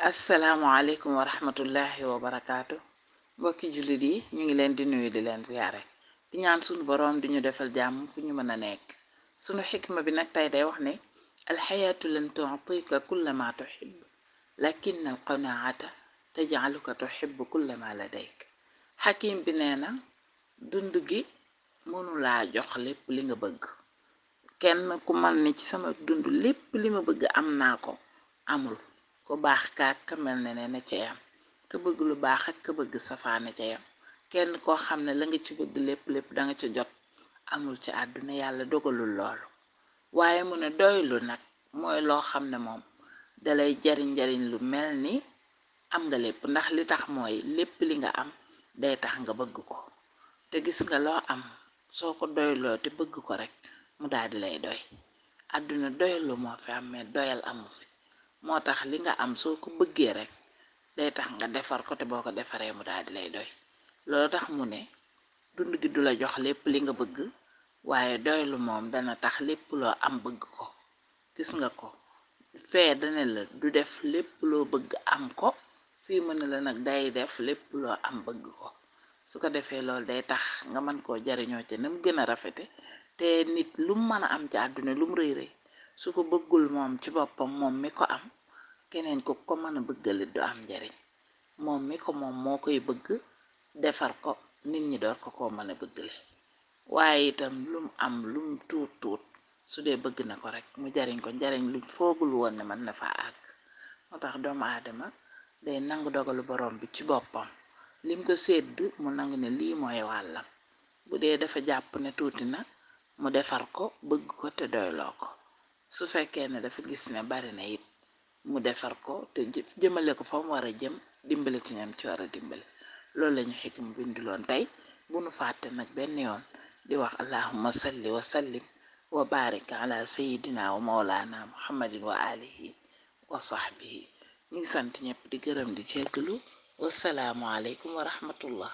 asalaamualeykum wa rahmatullahi wa barakaatu mbokki jullit yi ñu ngi leen di nuyu di leen ziyaare di ñaan suñu boroom duñu defal jàmm fu ñu mën a nekk sunu xikma bi nag tey day wax ne alxayaatu lan tutika kulla ma tuhib lakin al qanaata tajcaluka tuhib kulla ma ladayk xakim bi nee na dund gi mënulaa jox lépp li nga bëgg kenn ku man ni ci sama dund lépp li ma bëgg am naa ko amul ko baax kaat mel ne ne na ca yam ka bëgg lu baax ak ka bëgg safaan na ca yam kenn koo xam ne la nga ci bëgg lépp lépp danga ca jot amul ci àdduna yàlla dogalul loolu waaye mu ne doylu nag mooy loo xam ne moom dalay jariñ jariñ lu mel ni am nga lépp ndax li tax mooy lépp li nga am day tax nga bëgg ko te gis nga loo am soo ko doyloo te bëgg ko rek mu daal di lay doy àdduna doylu moo fi am mais doyal amu fi moo tax li nga am soo ko bëggee rek day tax nga defar ko te boo ko defaree mu daal di lay doy loolu tax mu ne dund gi du la jox lépp li nga bëgg waaye doylu moom dana tax lépp loo am bëgg ko gis nga ko fee dana la du def lépp loo bëgg am ko fii mën na la nag day def lépp loo am bëgg ko su ko defee loolu day tax nga mën koo jariñoo ci na mu gën a rafete te nit lum mu mën a am ci àdduna lu mu rëy rëy su ko bëggul moom ci boppam moom mi ko am keneen ko ko mën a bëggalit du am njariñ moom mi ko moom moo koy bëgg defar ko nit ñi door ko koo mën a bëggale waaye itam lum am lum tuut tuut su dee bëgg na ko rek mu jariñ ko njariñ lu foogul woon ne mën na faa àgg moo tax doomu aadama day nangu dogalu borom bi ci boppam lim ko sédd mu nangu ne lii mooy wàllam bu dee dafa jàpp ne tuuti na mu defar ko bëgg ko te doyloo ko su fekkee ne dafa gis ne bari na mu defar ko te jëmale ko fa mu war a jëm dimbale ci ñam ci war a dimbali loolu la mu xikim binduloon tey bu nu fàtte nag benn yoon di wax allahumma salli wa sallim wa barik ala sayidina wa maulana muhammadin wa alihi wa sahbihi ñu ngi sant ñëpp di gërëm di jéggalu wasalaamualeykum wa rahmatullah